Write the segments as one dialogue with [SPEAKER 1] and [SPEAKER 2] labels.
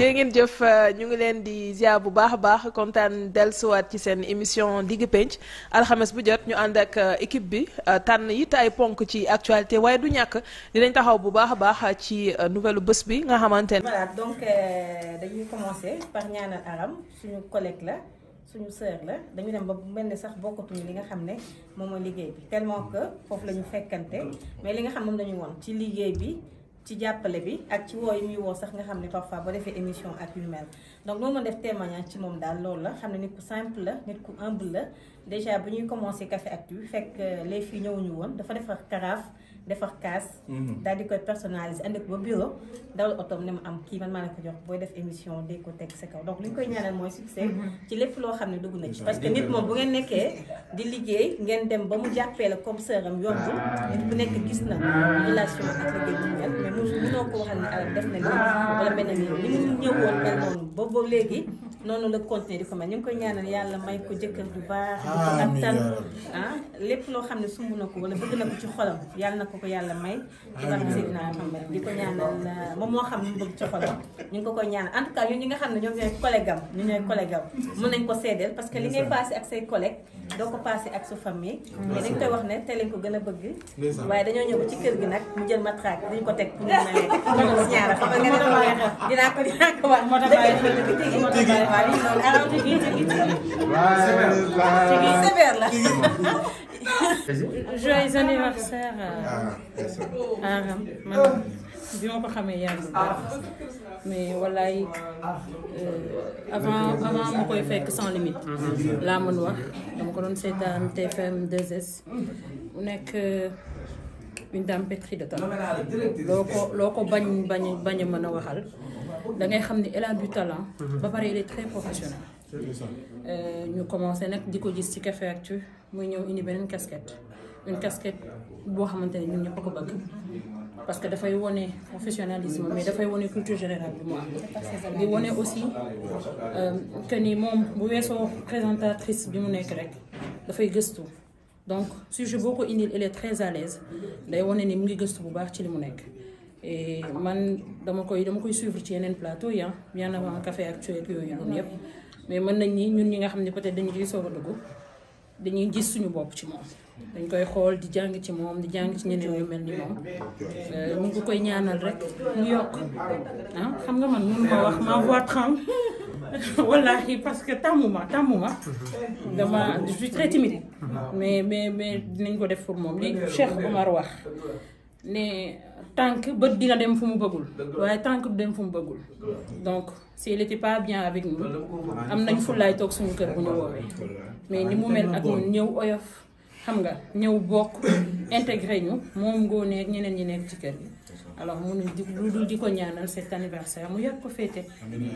[SPEAKER 1] jërë ngeen jëf euh, ñu ngi leen di ziar bu baax a baax kontaan dellusiwaat ci seen émission digg penc alxames bu jot ñu ànd ak euh, équipe bi euh, tànn it ay ponk ci actualité waaye du ñàkk dinañ taxaw bu baax a baax ci nouvelle bés bi nga xamante ne. voilà
[SPEAKER 2] donc dañuy commencer par ñaanal aram suñu collègue la suñu sœur la dañu dem ba mel ne sax bokkatuñu li nga xam ne moom mooy liggéey bi tellement que foofu la ñu fekkante mais li nga xam moom la woon ci liggéey bi. ci jàppale bi ak ci woo yi muy woo sax nga xam ne parfois ba defee émission ak yu mel donc loolu ma def témoignage ci moom daal loolu la xam ne nit ku simple la nit ku humble la bu ñuy commencé café actu fekk euh, les ñëwuñu woon dafa defar karaaf defar kaas mhm. daal di koy personnaliser andi ko ba bureau dawal otoom ne ma am kii man maa la ko jox booy def émission de ko teg sa kaw donc li ñu koy ñaanal mooy succès mhm. ci lépp loo xam ne dugg na ci parce que nit moom bu ngeen nekkee di liggéey ngeen dem ba mu jàppee la comme sœuram yomb nit bu nekk gis na relation ak mënoo ko waxal ne def na lii wala benn lii li mu ñëwoon mel noonu ba ba léegi noonu la continuer di ko mel ñu ngi koy ñaanal yàlla may ko jëkkër bu baax. ak tan ah lépp loo xam ne sumb na ko wala bëgg na ko ci xolam yàlla na ko ko yàlla may. di ko wax Seydina Mohamed di ko ñaanal ah, moom moo xam ne mu bëgg ci xolam. ñu ngi ko koy ñaanal en tout cas ñun ñi nga xam ne ñoom ñooy collègue am ñu ñooy collègue am mën nañ ko seedeel parce que li ngay passé ak say collègue doo ko passé ak sa famille. mais dañ koy wax ne te lañ ko gën a bëgg. waaye dañoo ñëw ci kër gi nag mu jël matraque dañ ko teg pour ñu mayee. dina ko dina ko wax moo tax waaw
[SPEAKER 1] lii loolu araw ci kii ci kii ci sévère la. joyeux anniversaire. Aram man bi ma ko xamee yàgg mais wallaay euh, avant avant ma koy fekk sans limite. laa mën wax dama ko doon seetaan TFM 2S mu nekk. une dame pétrie de talent loo ko loo ko bañ bañ bañ a mën a waxal. da ngay xam ni elle a du ba pare il est très professionnel. Euh, ñu commencé nag di ko gis ci Café Actu muy ñëw indi beneen casquette une casquette boo xamante ne ñu ñëpp ko bëgg. parce que dafay wone professionnalisme mais dafay wone culture générale bi mu am di wone aussi euh, que ni moom bu weesoo présentatrice bi mu nekk rek dafay gëstu donc sujet boo ko indil il est très à l'aise day wone ni mu ngi gëstu bu baax ci li mu nekk Eh, man dama koy dama koy suivre ci yeneen plateau yi ah. bien avant café actuel yooyu noonu yëpp mais mën nañ ni ñun ñi nga xam ne peut-être dañu ciy soog a dugg dañuy gis suñu bopp ci moom dañ koy xool di jàng ci moom di jàng ci ñeneen ñu mel ni moom euh, mu ngi koy ñaanal rek mu yokk ah, xam nga man mun ma wax ma voix tremble wallahi parce que tàmmuma ma dama je suis très timide mais mais mais dinañ ko def pour moom li Cheikh Omar wax ne tànk bët dina dem fu mu bëggul waaye tànk du dem fu mu bëggul donc si elle était pas bien avec nous am nañ fullaay toog suñu kër bu ñu woowee mais ni ah, mu mel ak ñun ñëw oyof xam nga ñëw bokk intégré ñu moom Ngoné ak ñeneen ñi nekk ci kër gi alors mun di lu dul di ko ñaanal cet anniversaire mu yokk ko féete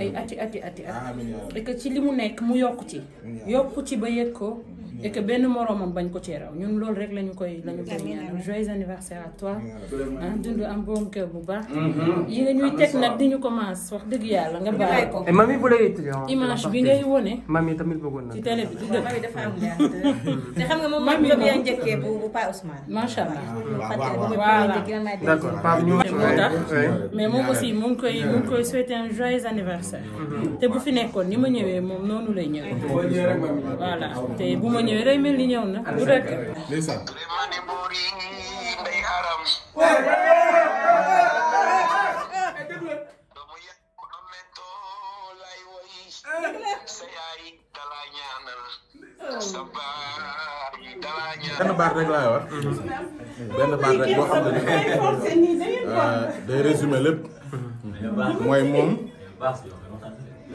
[SPEAKER 1] ay ati ati ati at et ci li mu nekk mu yokk ci yokk ci ba yëg ko et que benn moroomam bañ ko ci ñun loolu rek lañu koy lañu koy ñaanal joyeux anniversaire à ah, am boom kër bu baax mm-hmm. yi nga ñuy teg di ñu commence wax dëgg yàlla nga bàyyi ko mami bu lay image bi ngay wone mami tamit bëggoon na ci télé bi du te xam nga moom mami yaa njëkkee bu bu Pa macha allah d'accord Pape ñu moo tax mais moom aussi mu koy mu ngi koy anniversaire mm-hmm. te bu fi nekkoon ni ma ñëwee moom noonu lay ñëwee voilà te bu ma ñëwee day mel ni ñëw na bu rek
[SPEAKER 3] ndeysaan sa benn
[SPEAKER 4] baat rek laay wax benn baat rek boo xam ne day euh, résumé lépp mooy moom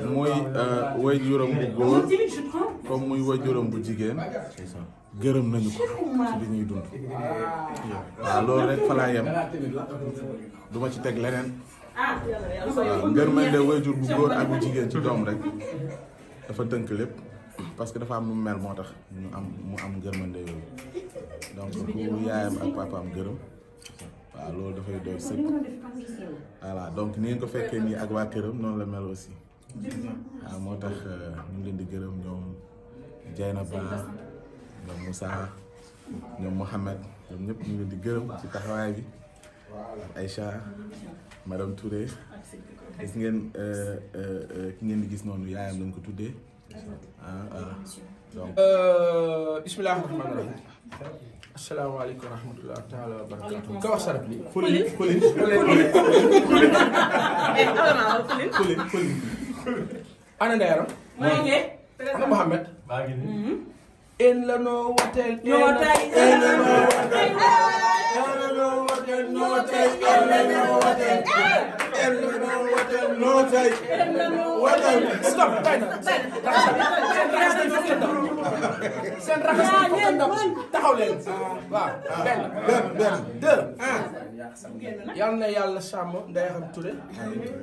[SPEAKER 4] muy euh, way
[SPEAKER 1] juróom bu góor comme muy way bu jigéen gërëm nañu ko
[SPEAKER 4] ci li ñuy dund waaw loolu rek fa duma ci teg leneen Ah, euh, ngërmande wayjur bu góor ak jigéen ci doom rek dafa tënk lépp parce que dafa am nu mel moo tax ñu am mu am ngërmande yooyu donc ku yaayam ak papaam gërëm waaw loolu dafay doy sëkk voilà donc ni ngeen ko fekkee nii ak waa këram noonu la mel aussi waaw moo tax euh, ñu ngi leen di gërëm ñoom Dieynaba ñoom Moussa ñoom Mohamed ñoom ñëpp ñu ngi leen di gërëm ci taxawaay bi Aïcha madame Touré gis ngeen euh, euh, euh, ki ngeen di gis noonu yaayam lañ ko tuddee ah, ah. donc.
[SPEAKER 3] bisimilah rahmaani rahim. asalaamaaleykum wa rahmatulah taala wa barakaatu. ka wax sarap li. Pauline Pauline Pauline Pauline Pauline. ana Ndayaram. maa ngi ana Mohamed. maa ngi nii. en la noo wateel. en la noo wateel. woote noo
[SPEAKER 4] tey dem nañu woote dem nañu woote noo tey woote stop seen raxas
[SPEAKER 3] nañu ndox taxaw leen waaw benn benn deux ah. yal na yàlla sàmm nday xam Touré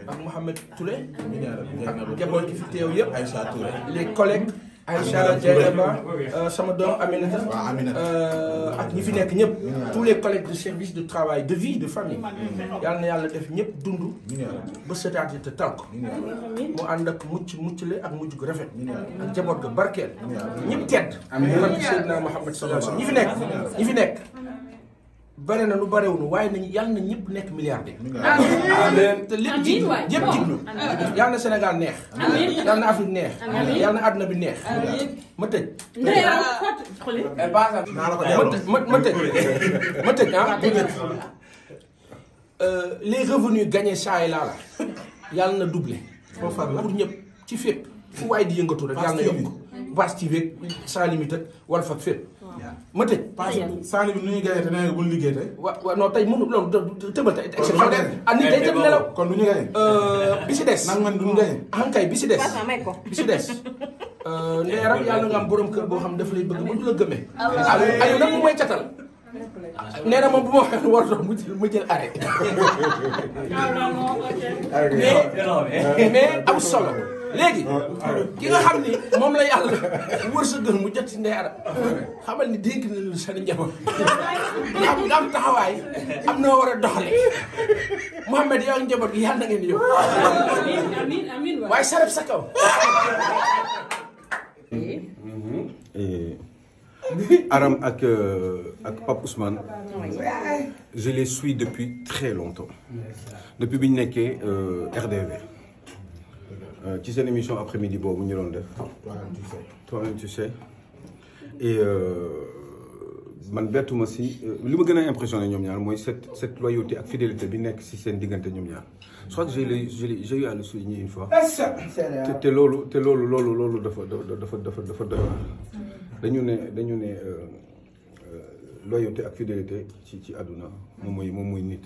[SPEAKER 3] ak Mouhamed Touré ak njaboot gi fi teew yëpp Aïcha Touré les collègues Aïcha Diayraba euh, sama doom Aminata euh, ak ñi fi nekk ñëpp tous les collègues de service de travail de vie de famille mm-hmm. yàlla na yàlla def ñëpp dund ba setaat yi te tànk mu ànd ak mucc muccule ak mujj gu rafet ak jaboot ga barkeel ñëpp tedd amiin Seydina Mouhamed sallallahu ñi fi nekk ñi fi nekk bare na lu barewul waaye nañu yàlla na ñëpp nekk milliardaire. amiin te lépp ji yëpp yàlla na Sénégal neex. amiin yàlla na Afrique neex. amiin yàlla na àdduna bi neex. Eh, ma tëj. ma ma tëj ma tëj ah. Euh, les revenus gagnés saa laa la yàlla na doublé. pour ñëpp ci fépp fu waay di yëngatu rek yàlla na yokk. Bass TV ak Sans Limites ak Walf ak fépp ma tëj parce que Sans Limites nu ñuy gagné te nee nga buñ liggéey tey waaw waaw non tey mënu loolu tëbal tey exception ah nit nelaw kon du ñu gagné euh, bi si des nag man duñu gagné ankay bi si des bi si des nee euh, rek yàlla nga am kër boo xam dafa lay bëgg bu ñu la gëmee ayu nag mu may catal nee na moom bu ma waxee lu a doon mu jël arrêt mais am solo léegi ah, ah, ki nga moom la yàlla wërsëgal mu jot si ndey ara xamal ni dénk na lu seen njaboot nga am a doxale Mouhamed yow ak njaboot gi yàlla na ngeen yow amiin amiin waaye sarab
[SPEAKER 4] eh, Aram ak euh, ak Pape je les suis depuis très longtemps depuis bi ñu nekkee euh, RDV Euh, ci seen émission après midi boobu ñu doon def. Ah, toi même tu sais euh, man bettuma si euh, li ma gën a impressionné ñoom ñaar mooy cette cette loyauté ak fidélité bi nekk si seen diggante ñoom ñaar je crois que j'ai le j'ai eu à fois.
[SPEAKER 3] te
[SPEAKER 4] te loolu te loolu loolu loolu dafa dafa dafa dafa doy dañu ne dañu ne loyauté ak fidélité ci ci àdduna moom mooy moom mooy nit.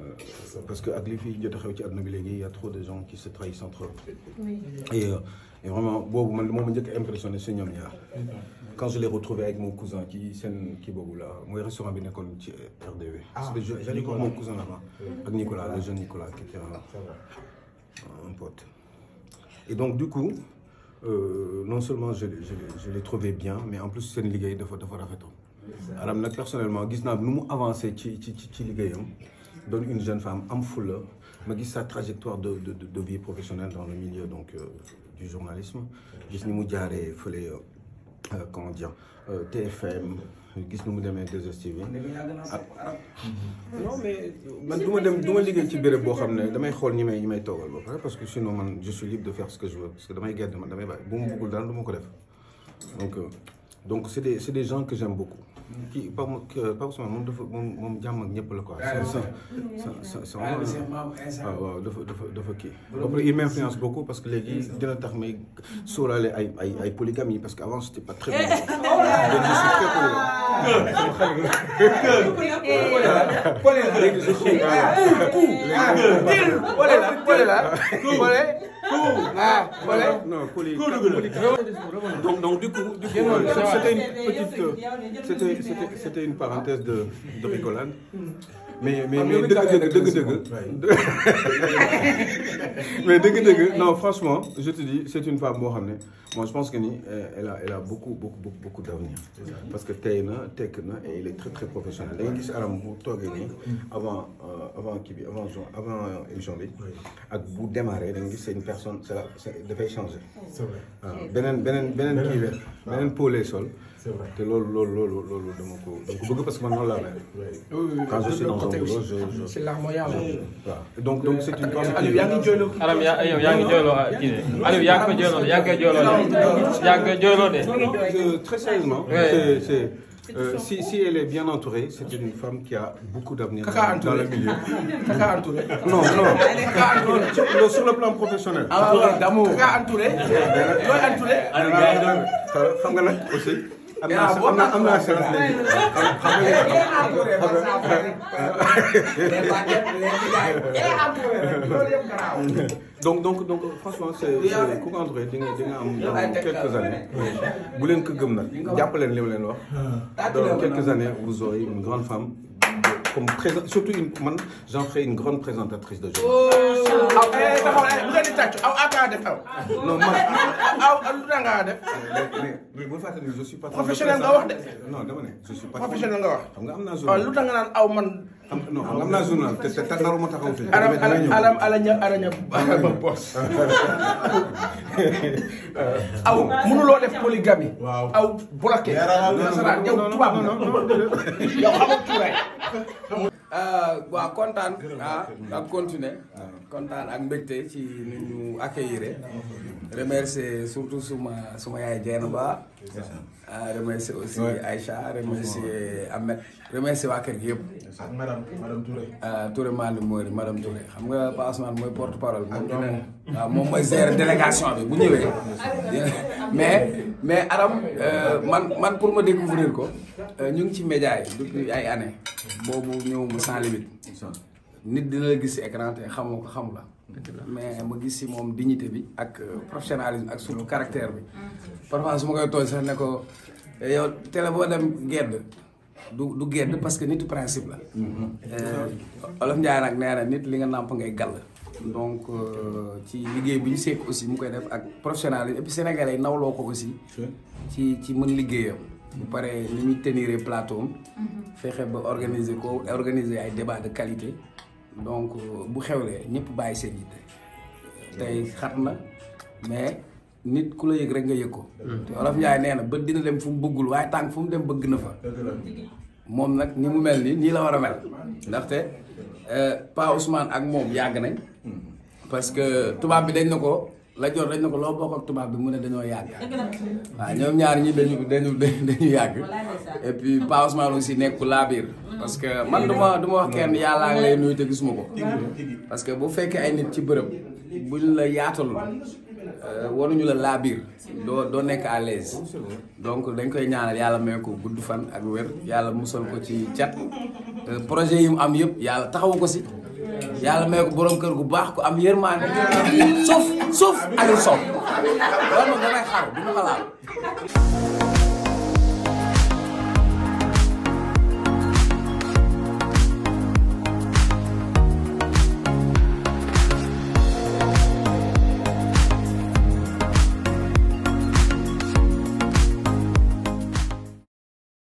[SPEAKER 4] Euh, parce que ak li fi jot a xew ci àdduna bi léegi y a trop de gens qui se trahissent entre eux. oui et euh, et vraiment boobu man moom ma njëkk a impressionné si ñoom ñaar. quand je l'ai retrouvé avec mon cousin ci seen kii boobu la mooy restaurant bi nekkoon ci RDV. ah j'allais voir mon cousin là-bas. ak Nicolas le jeune Nicolas qui était un pote. et donc du coup euh, non seulement je je je l'ai trouvé bien mais en plus seen liggéey dafa dafa rafetoon. Aram nag personnellement gis naa nu mu avancé ci ci ci liggéeyam doon une jeune femme am fulla ma gis sa trajectoire de de de vie professionnelle dans le milieu donc euh, du journalisme gis ni mu jaaree fële euh, euh, comment dire euh, TFM gis nu mu demee 2STV. Ah. non
[SPEAKER 5] mais man du ma dem du ma liggéey xam ne damay
[SPEAKER 4] xool ñi may ñi may toogal ba pare parce que sinon man je suis libre de faire ce que je veux parce que damay gedd man damay bàyyi bu mu bëggul daal du ma ko def donc donc c'est des c'est des gens que j'aime kii Pape Ousmane moom dafa moom moom jàmm ak ñëpp la quoi. Euh, waaw waaw dafa dafa dafa kii. après il m'influence beaucoup parce que léegi dina tax may sóoraale ay ay ay polygames yi parce que avant c'était pas très bien. Oh Donc, donc du coup, du coup c'était une petite, c'était une parenthèse de, de rigolade. mais mais mais dëgg-dëgg dëgg-dëgg. mais dëgg-dëgg non franchement je te dis c'est une femme boo xam ne moi je pense que ni elle a elle beaucoup beaucoup d'avenir parce que tey na tekk na et il est très très professionnel da nga gis aram bu toogee nii mm. avant euh, avant kii bi avant avant émission bi ak bu démarré da nga gis c'est une personne c'est la dafay changer. c'est vrai beneen beneen beneen kii beneen c'est vrai te loolu loolu loolu loolu dama ko dama ko bëgg parce que man noonu laa mel. quand je suis dans un boulot je je. c'est la moyen waaw donc donc c'est une bonne. Aliou yaa ngi jooyloo. Aram yaa yow yaa ngi jooyloo kii de Aliou yaa ngi ko jooyloo yaa ngi koy jooyloo de. yaa ngi koy jooyloo de. non non très sérieusement. c'est c'est. Euh, si si elle est bien entourée c'est une femme qui a beaucoup d'avenir dans le milieu. Kaka entourée. non non Kaka entourée. sur le plan professionnel. ah waaw Kaka entourée. looy entourée. xam nga nag aussi. am naa am naa am donc donc donc franchement ku ko entouré di nga quelques années bu leen ko gëm nag jàpp leen li ma leen wax. dans quelques années vous aurez une grande femme. comme présent surtout une man j'en fais une grande présentatrice de journée. Oh, eh,
[SPEAKER 3] eh, eh, aw bu ngeen di tàcc aw ak a def aw. non man aw lu tax ngaa def.
[SPEAKER 4] mais bu fàttali ne je suis pas. professionnel nga wax de. non dama ne je suis pas. professionnel xam nga am naa journée. lu tax
[SPEAKER 3] nga naan man.
[SPEAKER 4] xam non xam naa journal te te naru ma taxaw fii. alam alam
[SPEAKER 3] alaña alaña
[SPEAKER 4] ba boos.
[SPEAKER 5] aw mënuloo def polygamie. waaw aw
[SPEAKER 3] bloqué. nasaraan yow
[SPEAKER 5] tubaab yow amul cuuraay Euh, waaw kontaan ah ak continuer kontaan ak mbégte ci nu ñu accueillir remercier surtout suma suma yaay Dieynaba ah remercier aussi Aïcha remercier Ahmed remercier waa kër gi yëpp. ak madame madame Touré. ah Touré Malick xam nga Pa Ousmane mooy porte parole. moom waaw moom mooy gérer délégation bi bu ñëwee. mais mais Aram euh, man man pour ma découvrir ko. Euh, ñu ngi ci média yi depuis ay années boobu ñëw ma sans limite nit dina la gis si écran te xamoo ko xamu mais ma gis si moom dignité bi ak euh, professionnalisme ak surtout caractère bi parfois su ma koy tooñ sax ne ko eh, yow télé boo dem gedd du du gedd parce que nit principe la euh, olof Njaay nag nee nit li nga nàmp ngay gàll donc ci liggéey bi ñu seek aussi mu koy def ak professionnalisme et puis sénégalais nawloo ko aussi ci ci mën liggéeyam bu paree ni muy tenir plateau mhm. fexe ba organiser ko organiser ay débat de qualité donc euh, bu xewlee ñëpp bàyyi seen yitte tey xat na mais nit ku la yëg rek nga yëg ko mm. te Olof Njaay nee na bët dina dem fu mu bëggul waaye tànk fu dem bëgg na fa moom nag ni mu mel ni nii la war a mel ndaxte euh, Pa Ousmane ak moom yàgg nañ mm. parce que tubaab bi dañ na ko Lat Joor ko loo bokk bi mu ne dañoo yàgg waaw ñaar ñi dañu dañu dañu yàgg et puis laa biir mm. parce que man du ma du ma wax kenn yàllaa ngi te gisuma ko parce que bu fekkee ay nit ci bërëb buñ la yaatal euh, waruñu la laa biir doo nekk à l'aise donc dañ koy ñaanal yàlla may ko gudd fan ak wér yàlla musal ko ci cat euh, projet yi mu am yëpp yàlla taxawu ko si yàlla may ko borom kër gu baax ku am yërmaande suuf
[SPEAKER 3] suuf Aliou Sow loolu moom damay
[SPEAKER 5] xaru du ma ko laal